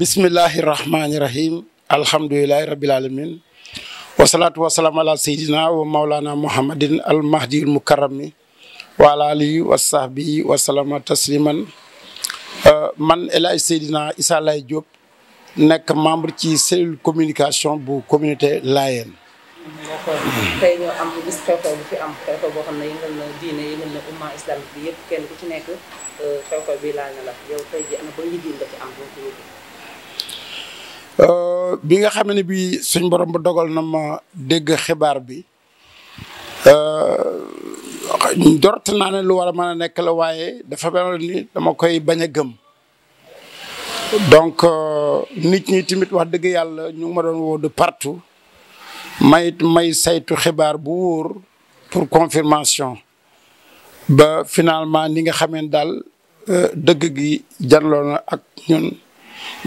bismillahi rahmaani rahim alhamdulilahi rabil alamin wasalaatu wasalaam ala sayyidina wa maulana muhammadin al mahdi wa ala alihi wa sahbihi uh, man El Hadj Seydina Issa Laye Diop nekk membre ci cellule communication bu communauté Layène. Euh, bi nga xam ne bii suñ borom ba dogal na ma dégg xibaar bi dort euh, naa ne lu war a mën a nekk la waaye dafa mel ni dama koy bañ a gëm. donc euh, nit ñi tamit wax dëgg yàlla ñu ma doon woo de partout may may saytu xibaar bu wóor pour confirmation ba finalement ni nga xameen daal dëgg gi janloon na ak ñun.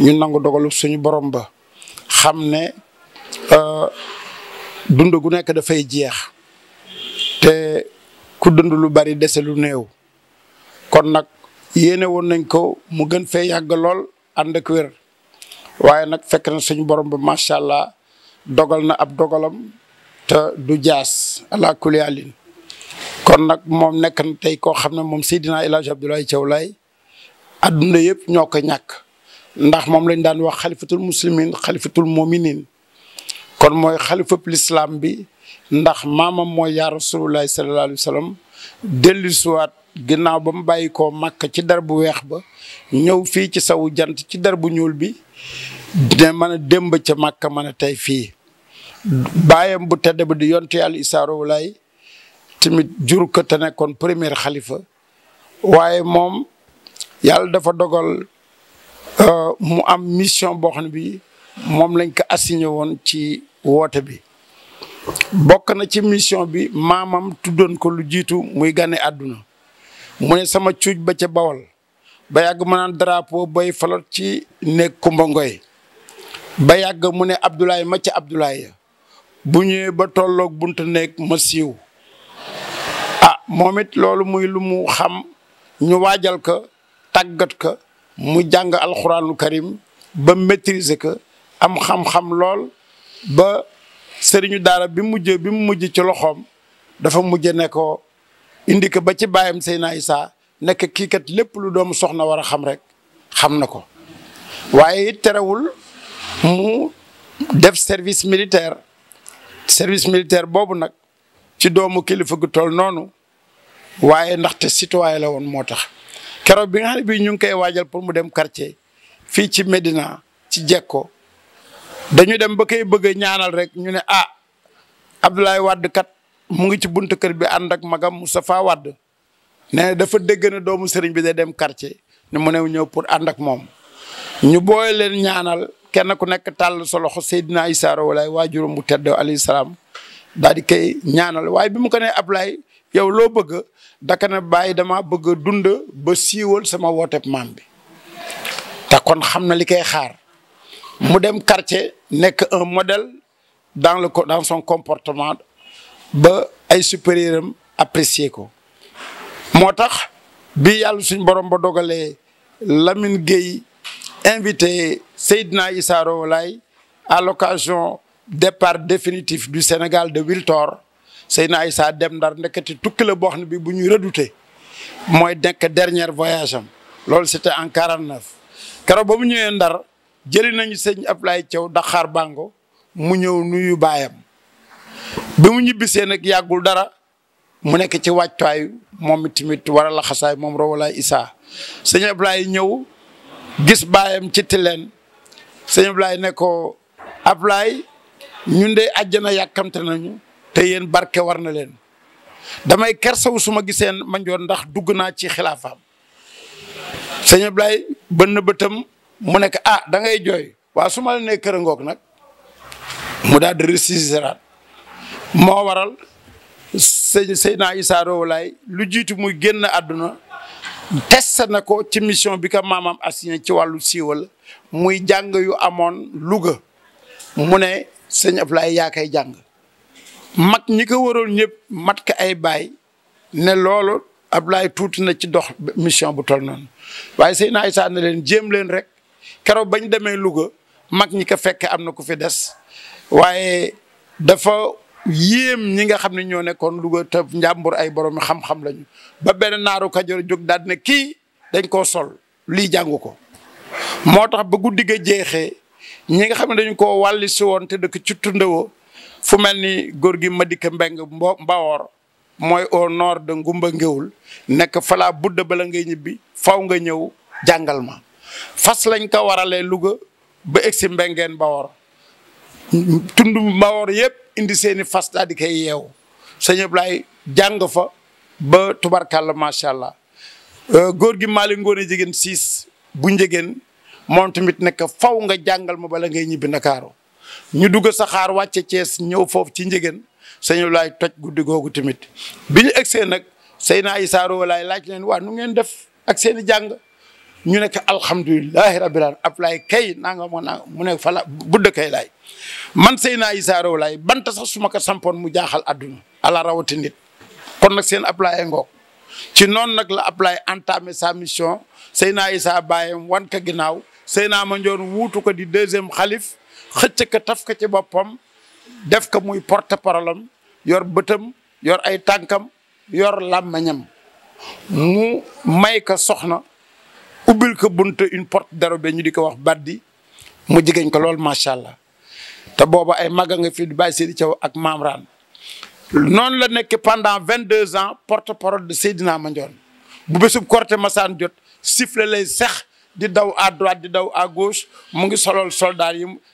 ñu nangu dogalu suñu borom ba xam ne euh, dund gu nekk dafay jeex te ku dund lu bari dese lu néew kon nag yéene woon nañ ko mu gën fee yàgg lool ànd ak wér waaye nag fekk na suñu borom ba macha allah dogal na ab dogalam te du jaas ala kulli alin kon nag moom nekk na tey koo xam ne moom Seydina El Hadj Abdoulaye Thiaw Laye adduna yëpp ñoo ko ñàkk. ndax mom lañ daan wax khalifatul muslimin khalifatul mu'minin kon mooy xalifab lislaam bi ndax maamam moy ya rasulullah sallallahu alaihi wasallam delu suwat ginaaw bam bayiko makka ci darbu wex ba ñëw fi ci sawu jant ci darbu ñul bi de mën a démb ca màkk mën a tey fii baayam bu tedd ba di yontu yàlla isa rawlay timit jur ko tane kon premier khalifa waye mom yàlla dafa dogal Euh, mu am mission boo xam ne bi moom lañ ko assigné woon ci woote bi bokk na ci mission bi maamam tuddoon ko lu jiitu muy gane àdduna mu ne sama cuuj ba ca bawal ba yàgg ma naan drapeau bay falot ci nekk Kumba Ngoy ba yàgg mu ne Abdoulaye ma ca Abdoulaye bu ñëwee ba tolloog buntu nekk ma siiw ah moom loolu muy lu mu xam ñu waajal ka tàggat ka mu jàng alxuraanul karim ba maîtriser ko am xam-xam lool ba sëriñu daara bi mujj bi mu mujj ci loxoom dafa mujj ne ko indi ko ba ci baayam Seyna Issa nekk kii kat lépp lu doomu soxna war a xam rek xam na ko waaye it terewul mu def service militaire service militaire boobu nag ci doomu kilifa gu toll noonu waaye ndaxte citoyen la woon moo tax. keroog bi nga xam ne bii ñu ngi koy waajal pour mu dem quartier fii ci Médina ci Jekko dañu dem ba koy bëgg a ñaanal rek ñu ne ah Abdoulaye Wade kat mu ngi ci buntu kër bi ànd ak magam Moustapha Wade ne dafa dégg ne doomu sëriñ bi day dem quartier ne mu ne ñëw pour ànd ak moom ñu booy leen ñaanal kenn ku nekk tàll sa loxo Seydina Issa Rouhou Laye waajuram bu tedd alayhi salaam daal di ñaanal waaye bi mu ko nee Abdoulaye yow lo bëgg dakana ne bàyyi dama bëgg dund ba siwol sama wote maam bi ta kon xamna likay xaar mu dem quartier nek un modèle dans le dans son comportement ba ay supérieuram apprécier ko motax bi yalla suñ borom ba dogalé Lamine Gueye invité Seydina Issa Rouhou à l'occasion départ définitif du Sénégal de Wiltor Seydina Issa dem ndar ndeketi tukki la boo ne bi bu ñuy redouté mooy nekk dernier voyage am loolu c'était en quarante neuf keroog ba mu ñëwee ndar jëli nañu sëñ Ablaye Thiaw Daxaar Bango mu ñëw nuyu baayam bi mu ñibbisee nag yàggul dara mu nekk ci wàccuwaay moom tamit war a la xasaay moom rawalaay Issa sëñ Ablaye ñëw gis baayam ci tileen sëñ Ablaye ne ko Ablaye ñun de àjjana yàkkamte nañu te yéen barke war na leen damay kersawu su ma gisee manjoon ndax dugg naa ci xilaafaam sëñ Ablaye bënn bëtam mu nekk ah dangay ngay jooy waa su ma la nee kër ngoog nag mu daal di resisiraat moo waral sëñ Seydina Issa lu jiitu muy génn àdduna test na ko ci mission bi ko maamam assigné ci wàllu siiwal muy jàng yu amoon Louga mu ne sëñ Ablaye yaa koy jàng mag ñi ko waroon ñëpp mat ko ay baay ne loolu Ablaye tuuti na ci dox mission bu tol noonu waaye Seydina ay ne leen jéem leen rek keroog bañ demee Louga mag ñi ko fekk am na ku fi des waaye dafa yéem ñi nga xam ne ñoo nekkoon Louga te njàmbur ay borom xam-xam lañu ba benn naaru Kajoor jóg daal ne kii dañ koo sol li jàngu ko moo tax ba guddi ga jeexee ñi nga xam ne dañu koo wàlli woon te dëkk ci tundawoo fu mel ni góor gi Madick Mbengue Mbawor mooy o nord de Ngumba Ngéwul nekk falaa budda bala ngay ñibbi faw nga ñëw jàngal ma fas lañ ko waralee Louga ba egsi Mbengeen Mbawor tund Mbawor yëpp indi seeni fas daal di koy yeew sëñ Ablaye jàng fa ba tubarkàlla macha allah euh, góor gi Malick Ngoone jigéen siis bu njëgeen moom tamit nekk faw nga jàngal ma bala ngay ñibbi Ndakaaru ñu dugg saxaar wàcce Cees ñëw foofu ci njëgën sëñ laay toj guddi googu tamit bi ñu egsee nag Seydina Issa Rouhou Laye laaj leen waa nu ngeen def ak seen i jàng ñu ne alhamdulilahi rabbil alamin Ablaay kay naa mu nekk fala budda kay laay man Seydina Issa Rouhou Laye banta sax su ma sampoon mu jaaxal àdduna ala rawati nit kon nag seen Ablaay ngoog noonu nag la Ablaay entamé sa mission Seydina Issa bàyyam wan ka ginnaaw ma Mandione wuutu ko di deuxième xalif xëcc ka taf ka ci boppam def ka muy porte parole yor bëtam yor ay tànkam yor làmmañam mu may ka soxna ubbil ko bunt une porte dérobée ñu di ko wax baddi mu jigéen ko lool macha allah te booba ay mag a nga fi di bàyyi Seydi ak Mamran noonu la nekk pendant vingt deux ans porte parole de Seydina Mandione bu bésub Korité masaan jot sifflet lay seex di daw à droite di daw à gauche mu ngi solol soldaar yi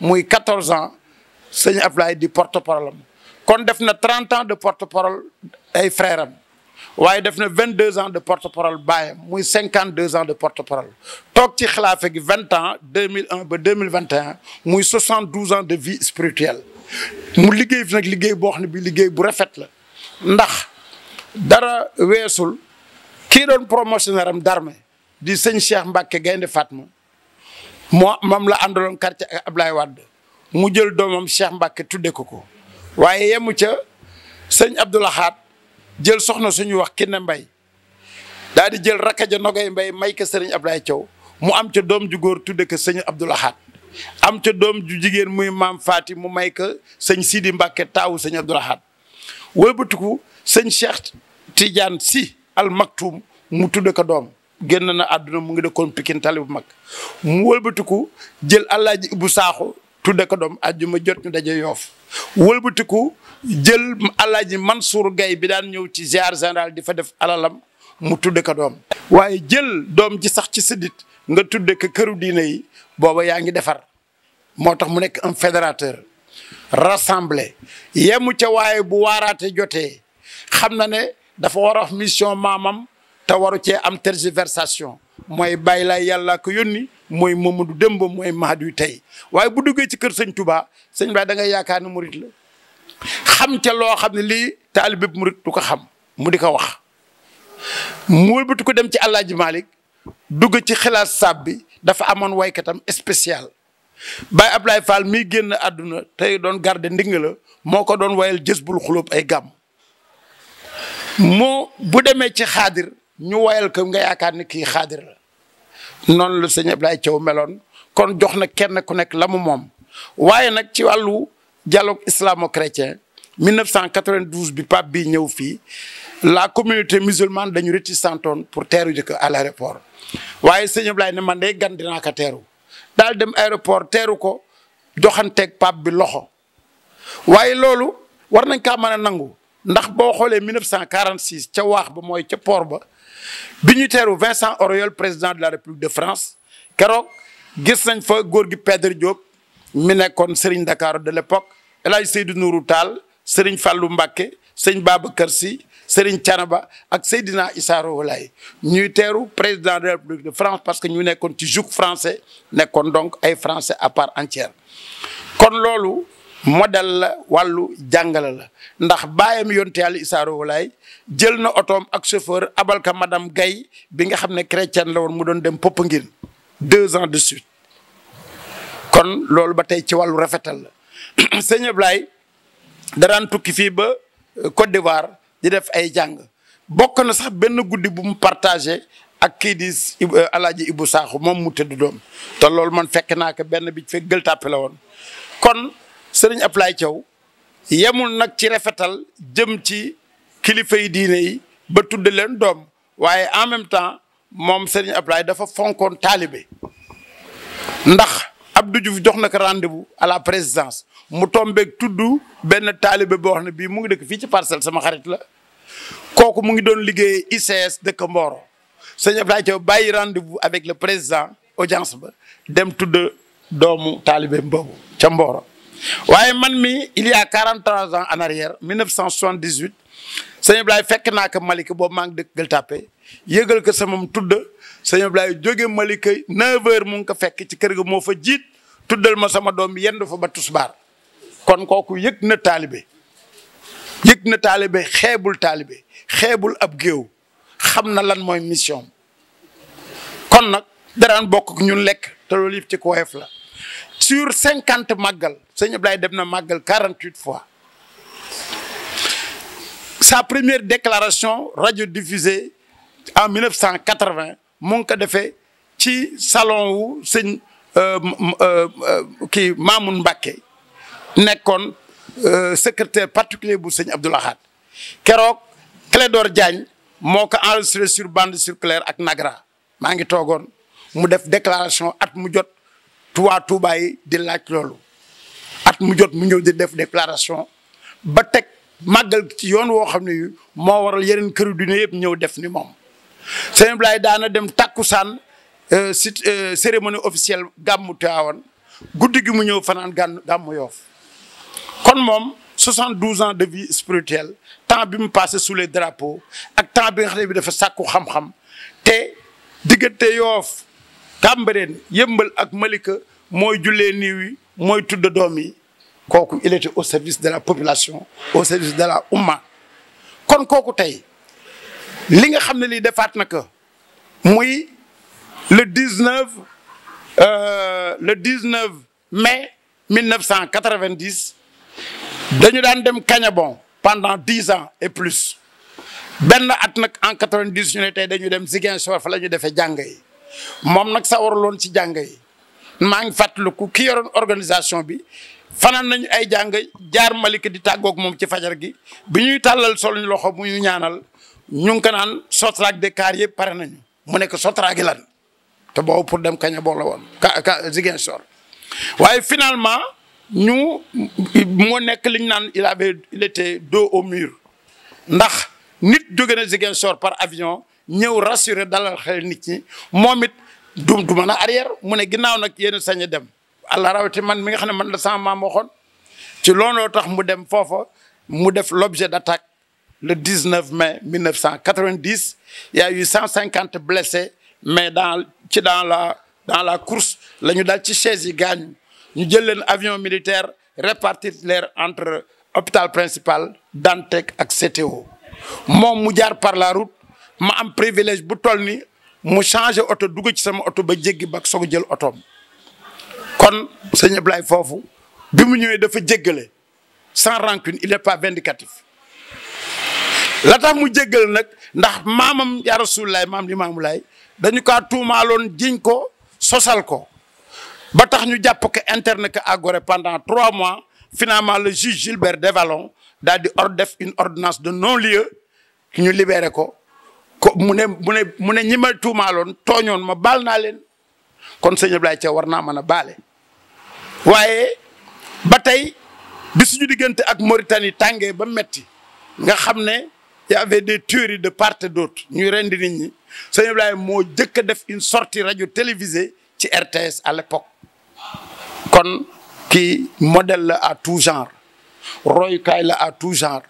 a 14 ans Ablaye di porte parole kon 30 ans de porte parole ay 22 ans de porte parole 52 ans de porte parole tok ci 20 ans 2001 2021 72 ans de vie spirituelle mu liguey nak liguey de bi dara wessul. ki d'armée di Cheikh Gaynde moo moom la àndaloon quartier ak Ablaye Wade mu jël doomam Cheikh Mbacke tudde ko ko waaye yemu ca sëñ Abdoulahat jël soxna suñu wax Kiné mbay daal di jël rakka ja Nogay Mbaye may ko sëriñ ablaay Thiaw mu am ca doom ju góor tudde ko sëñ Abdoulahat am ca doom ju jigéen muy maam Faati mu may ko sëñ Sidi Mbacke taawu sëñ Abdoulahat wëlbatiku sëñ Cheikh Tidiane si al mu tudde ko doom génn na àdduna mu ngi dëkkoon Pikine tali bu mag mu wëlbatiku jël Alaaji Ibbu Saaxo tudde ko doom àjjuma jot ñu daje yoof wëlbatiku jël Alaaji Mansour Gaye bi daan ñëw ci ziar général di fa def alalam mu tudde ko doom waaye jël doom ji sax ci siddit nga tudde ko këru diine yi booba yaa ngi defar moo tax mu nekk un fédérateur rassemblé yemu ca waaye bu waaraate jotee xam na ne dafa war a mission maamam te waru cee am tergiversation mooy bàyyi laay yàlla ko yónni mooy Mamadou Demba mooy Mahadu tey waaye bu duggee ci kër sëñ Touba sëñ Ba da ngay yaakaar ne murit la xam ca loo xam ne lii taalibe murit du ko xam mu di ko wax. mu wëlbatu ko dem ci El Hadj Malick dugg ci xilaas saab bi dafa amoon waykatam spécial Baye Ablaye Fall miy génn àdduna tey doon garde ndinga la moo ko doon wayal jës bul ay gàmm moo bu demee ci xaadir. ñu woyal ko nga yaakaar ni kii xaadir la noonu la sëñ Ablaye Thiaw meloon kon jox na kenn ku nekk lamu moom waaye nag ci wàllu dialogue islamo-chrétien 1992 bi pape bi ñëw fii la communauté musulmane dañu réticentoon pour teeru jëkk à l'aéroport waaye sëñ Ablaye ne man day gan dinaa ko teeru daal dem aéroport teeru ko joxanteeg pape bi loxo waaye loolu war nañ kaa mën a nangu ndax bo xolé 1946 ci wax ba moy ci port ba biñu téru Vincent Auriol président de la République de France keroog gis nañ fa gor gi Pedre Diop mi Serigne Dakar de l'époque El Hadj Seydou Nourou Tall Serigne Fallou Mbacké Serigne Babacar Sy Serigne Thiénaba ak Seydina Issa Rohou ñuy président de la République de France parce que ñu nekkoon ci joug français nekkoon donc ay français à part entière kon lolu modèle la wàllu jàngale la ndax baayam yonte yàlla Issa jël na otoom ak chauffeur abal ka madame Gaye bi nga xam ne chrétienne la woon mu doon dem ngir deux ans de suite kon loolu ba tey ci wàllu rafetal la sëñ Ablaye tukki fii ba euh, Côte d'Ivoire di def ay jàng bokk na sax benn guddi bu mu ak kii di euh, alaaji Ibou Sakho moom mu tëdd doom te loolu man fekk naa ko benn bi fekk gëltàppe la woon kon serigne Ablaye Thiaw yamul nak ci rafetal jëm ci kilifa yi diine yi ba tudde len dom waye en même temps mom serigne Ablaye dafa fonkon talibé ndax Abdou Diouf jox na rendez-vous à la présidence mu tombeeg tudd ben taalibe talibé xam ne bii mu ngi dëkk ci parcelle sama xarit la koku mu ngi doon liggéey ICS dëkk Mboro serigne Ablaye Thiaw bàyyi rendez-vous avec le président audience ba dem tudde doomu talibé boobu ca Mboro waaye man mi il y a 43 ans en arrière 1978 sëñ Ablaye fekk naa ko Malika boobu maa ngi dëkk Gueule Tapée yëgal ko sama tudd sëñ Ablaye jóge Malika 9 mu ngi ko fekk ci kër ga moo fa jiit tuddal ma sama doom yend fa ba Tisbaar kon kooku yëg na taalibe yëg na taalibe xeebul taalibe xeebul ab géew xam na lan mooy mission kon nag daraan bokk ñun lekk te loolu yëpp ci ko la sur 50 magal, Seigneur Ablaye dem na 48 fois sa première déclaration radio diffusée en 1980 mon cas ko fait, ci salon wu euh, qui euh, euh, Mamoun Mbacké euh, secrétaire particulier bu Seigneur Abdoul Ahad keroog Clédor Diagne moko enregistré sur bande circulaire ak Nagra mangi ngi mu def déclaration at mu jot Touba Touba di laaj at mu jot mu di def déclaration ba teg màggal ci yoon woo xam ne def ni dem euh, euh, cérémonie officielle gàmmu guddi gi kon 72 ans de vie spirituelle temps bi mu passé sous les drapeaux ak temps bi nga ne te Cambérène yembal ak Malika moy julé niwi moy mooy domi doom il était au service de la population au service de la umma kon kooku tay li nga xamné li defat naka moy le 19 euh, le 19 mai 1990 dañu daan dem Kañabon pendant dix ans et plus ben at nak en 90 ñu tay dañu dem Ziguinchor fa lañu ñu jangay moom nag sawaraloon ci jàng maa ngi fàttaliku ki yoroon organisation bi fanaan nañu ay jàng jaar Malika di tàggoog moom ci fajar gi bi ñuy tàllal sol ñu loxo mu ñu ñaanal ñu ngi ko naan sotraag de kaar yëpp pare nañu mu nekk sotraagi te boobu pour dem kaña boo la woon ka ka waaye finalement ñu moo nekk li naan il avait il était dos au mur ndax nit jóge na Ziguinchor par avion. ñëw rassuré dalal xel nit ci momit dum dum du arrière mu ne ginnaaw nag yéen dem. allah rawati man mi nga xam man la sama maam waxoon ci lono tax mu dem mu def l'objet d'attaque le 19 mai 1990 il y a eu 150 blessés mais dans ci dans la dans la course la dal ci chaise yi gaañu ñu jël len avion militaire répartir l'air entre hôpital principal Dantec ak CTO mom mu jaar par la route ma am privilège bu toll mu changé auto dugg ci sama auto ba jéggi ba soog jël auto kon seigne Ablaye fofu bi mu ñëwé dafa sans rancune il est pas vindicatif la tax mu jéggale nak ndax mamam ya rasoulallah mam lay dañu ka jiñ ko sosal ko ba tax ñu ko pendant trois mois finalement le juge Gilbert Devalon a di une ordonnance de non-lieu ñu libéré ko ko mu ne mu ne mu ne ñi may tuumaaloon tooñoon ma baal naa leen kon seigne Ablaye ci warna naa mën a baale waaye bi suñu diggante ak Mauritanie tangé ba metti nga xamné ne y avait des tueries de part et d'autre ñu rendi nit ñi seigne Ablaye mo jëkk def une sortie radio télévisée ci RTS à l'époque kon ki modèle la à tout genre roy kay la à tout genre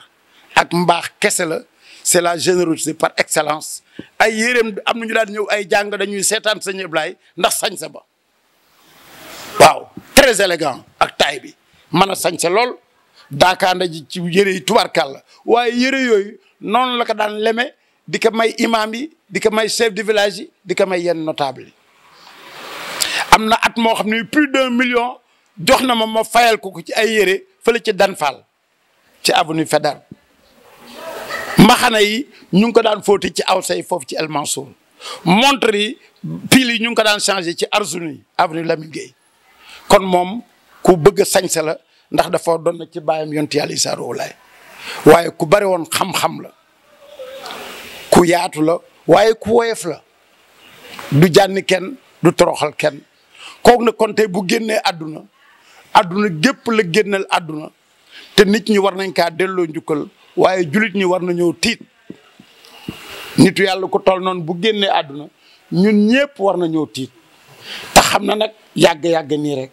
ak mbax kessé la c'est la générosité par excellence ay am ñu ay jang dañuy sétane sëñ Ablaye ndax ba très élégant ak taille. bi a sañ sa lool ci yére yi waaye la ko daan leme di ko may imam yi di de village yi di ko may yenn notable plus d'un million jox na fayal ko ci ay avenue mbaxana yi ñu ngi ko daan fóoti ci aw say foofu ci El Mansour montre yi pile yi ñu ngi ko daan changé ci Arzuni avenue Lamine géey kon moom ku bëgg a sañse la ndax dafa doon na ci bàyyam yonti yàlla Issa Rouhou Laye waaye ku bari woon xam-xam la ku yaatu la waaye ku woyof la du jànni kenn du toroxal kenn kook na kon tey bu génnee àdduna adduna gépp la génnal àdduna te nit ñi war nañ kaa delloo njukkal waaye jullit ñi war nañoo tiit nitu yàlla ko tol noon bu génnee àdduna ñun ñëpp war na nañoo tiit tax xam na nag yàgg-yàgg nii rek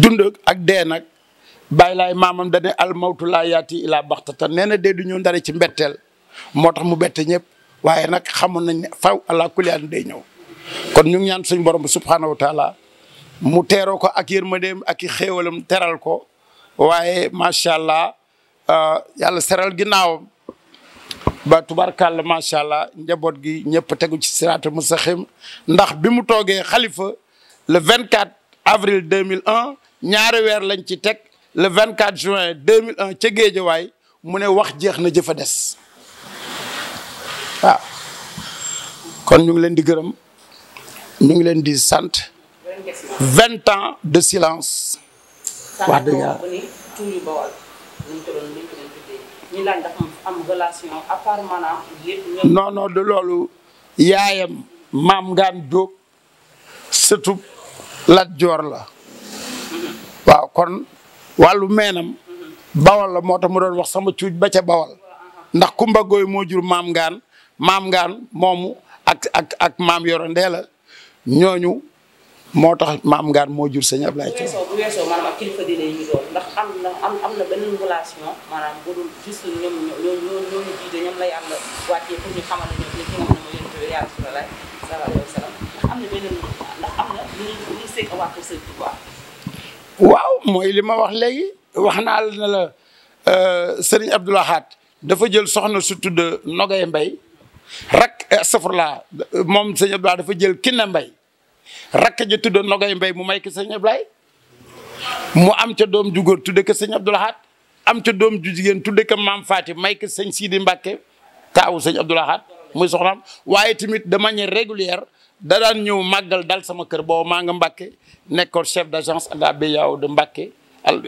dund ak dee nag bay laay maamam dane al mawtu laa yaati ilaa baxtatan nee na dee du ñëw ndare ci mbetteel moo tax mu bette ñëpp waaye nag xamoon na ne faw àla kuliyaan day ñëw kon ñu ñaan suñ borom bi subhaanahu wa mu teeroo ko ak yërmandeem ak i xéewalam teral ko waaye macha allah Euh, yalla seral ginnaawam ba ma sha allah njabot gi ñepp teggu ci siraatal mustaxim ndax bi mu toogee xalifa le 24 avril 2001 ñaari weer lañ ci tek le 24 juin 2001 ca Géejawaay mu ne wax jeex na jëfa dess waaw kon ñu ngi leen di gërëm ñu ngi leen di sante 20 ans de silence wax dëgg yàlla ñu ko loolu yaayam maam ngaan jóg sëtub Lat Joor la mhm. waaw kon wàllu meenam mhm. bawal la moo tax mu doon wax sama cuuj ba ca bawal ndax Kumba Gooy moo jur maam ngaan maam ngaan moomu ak ak maam yoro ñooñu moo tax maam ngaan moo jur sëñ Ablaye Thiaw am na li waaw mooy li ma wax léegi wax naa la ne la euh, dafa jël soxna su tudd Nogay Mbay rak euh, astafurlaa moom Serigne dafa jël Kiné Mbay rakk ji tudd Nogay Mbay mu may ki Serigne Abdoul mu am ca doom ju góor tudde ko sëñ Abdou am ca doom ju jigéen tudde ko maam Faati may ko sëñ Sidi Mbàkke taawu sëñ Abdou Lahad muy soxnaam waaye tamit de manière régulière da daan ñëw màggal dal sama kër boobu maa nga Mbàkke nekkoon chef d'agence à la BAO de Mbàkke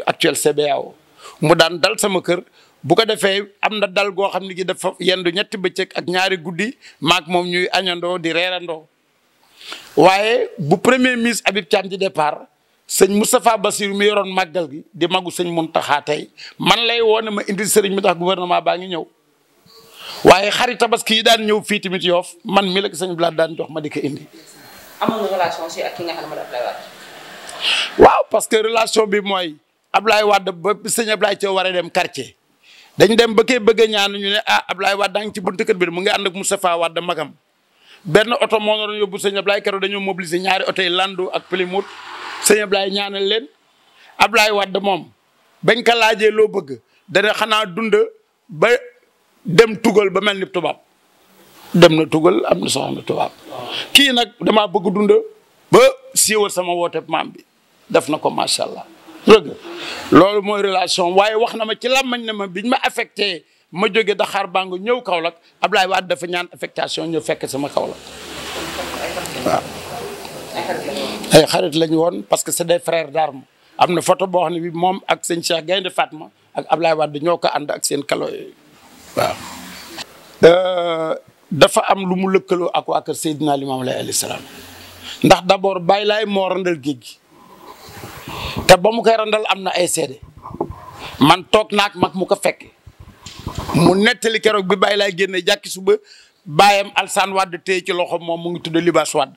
actuel CBAO mu daan dal sama kër bu ko defee am na dal goo xam ne gi dafa yendu ñetti bëccëg ak ñaari guddi maak moom ñuy añandoo di reerandoo waaye bu premier ministre Habib Thiam di sëñ Moustapha Bassirou mi yoroon màggal gi di magu sëñ Mountakha tey man lay woone ma indi sëriñ mi tax gouvernement baa ngi ñëw waaye xarit tabaski yi daan ñëw fii tamit yoof man mi la ko sëñ Blad daan jox ma di ko indi. amoon waaw parce que relation bi mooy Abdoulaye Wade ba sëñ Abdoulaye Thiaw waree dem quartier dañ dem ba koy bëgg a ñu ne ah Abdoulaye Wade daa ngi ci buntu kër bi mu ngi ànd ak Moustapha Wade magam benn oto moo doon yóbbu sëñ Abdoulaye keroog dañoo mobiliser ñaari oto yi Landou ak Plymouth sëñ Ablaye ñaanal leen Ablaye Wade moom bañ ko laajee loo bëgg dana xanaa dund ba dem tugal ba mel ni tubaab dem na tugal am na soxna tubaab kii nag damaa bëgg dund ba siiwal sama woote maam bi def na ko macha allah dëgg loolu mooy relation waaye wax na ma ci làmmañ ne ma biñ ma affecté ma jóge xaar bàng ñëw Kaolack Ablaye Wade dafa ñaan affectation ñu fekk sama Kaolack ay xarit lañu woon parce que c'est des frères d'armes am na photo boo xam ne bi moom ak sëñ Cheikh Gaynde Fatma ak Ablaye Wade ñoo ko ànd ak seen kalo yooyu euh, dafa am lu mu lëkkaloo ak waa kër Seydina Limaamu Laay alayhi salaam ndax d'abord Baye Laay moo randal géej gi te ba mu koy randal am na ay seede man toog naag mag mu ko fekk mu nettali keroog bi Baye Laay génne jàkki suba baayam Alsaan Wade te ci loxo moom mu ngi tudd Libaas Wade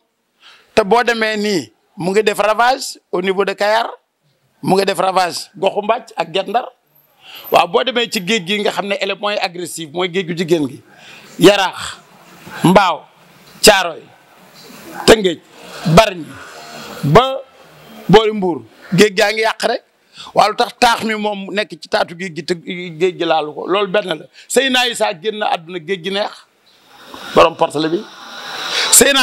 te boo demee nii mu ngi def ravage au niveau de Kayar mu ngi def ravage goxu Mbàcc ak Guet Ndar waaw boo demee ci géej gi nga xam ne élément yi agressif mooy géej gu jigéen gi yaraax mbaaw caaroy tëngéej barñi ba boori mbuur géej gaa ngi yàq rek waaw lu tax taax mi moom nekk ci taatu géej gi te géej gi laalu ko loolu benn la sëy naa yi saa génn àdduna géej gi neex borom portale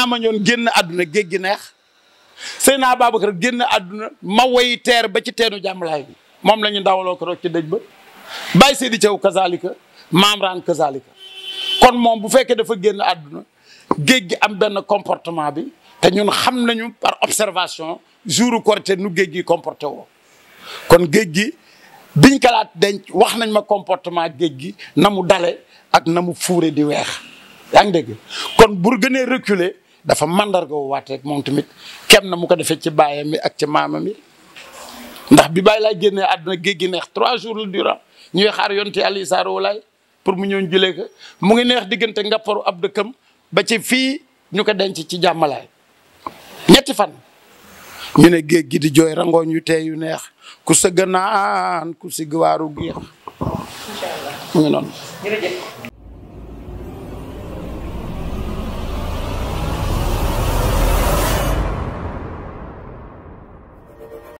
ma ñoon génn àdduna géej gi neex Seynaa Babacar génn àdduna ma woy teer ba ci teenu jàmbalaay bi moom la ñu dawaloo ko rek ci dëj ba Baye Seydi Thiaw kazalika Maam Raan kazalika kon moom bu fekkee dafa génn àdduna géej gi am benn comportement bi te ñun xam nañu par observation jouru Korité nu géej gi comporté woo kon géej gi biñ kalaat denc wax nañ ma comportement géej gi na mu dale ak na mu fuure di weex yaa ngi dégg kon bu gënee reculer dafa mandarga wu waat rek moom tamit kenn na mu ko defee ci baayam mi ak ci maamam mi ndax bi bàyyi laay génnee àdduna géej gi neex trois jours la durant ñuy xaar yonte yàlla Isaa walaay pour mu ñëw julee ko mu ngi neex diggante nga ngapparu ab dëkkam ba ci fii ñu ko denc ci jàmmalaay ñetti fan ñu ne géej gi di jooy rangooñ yu tee yu neex ku sëgg naan ku sigg waaru géex mu ngi noonu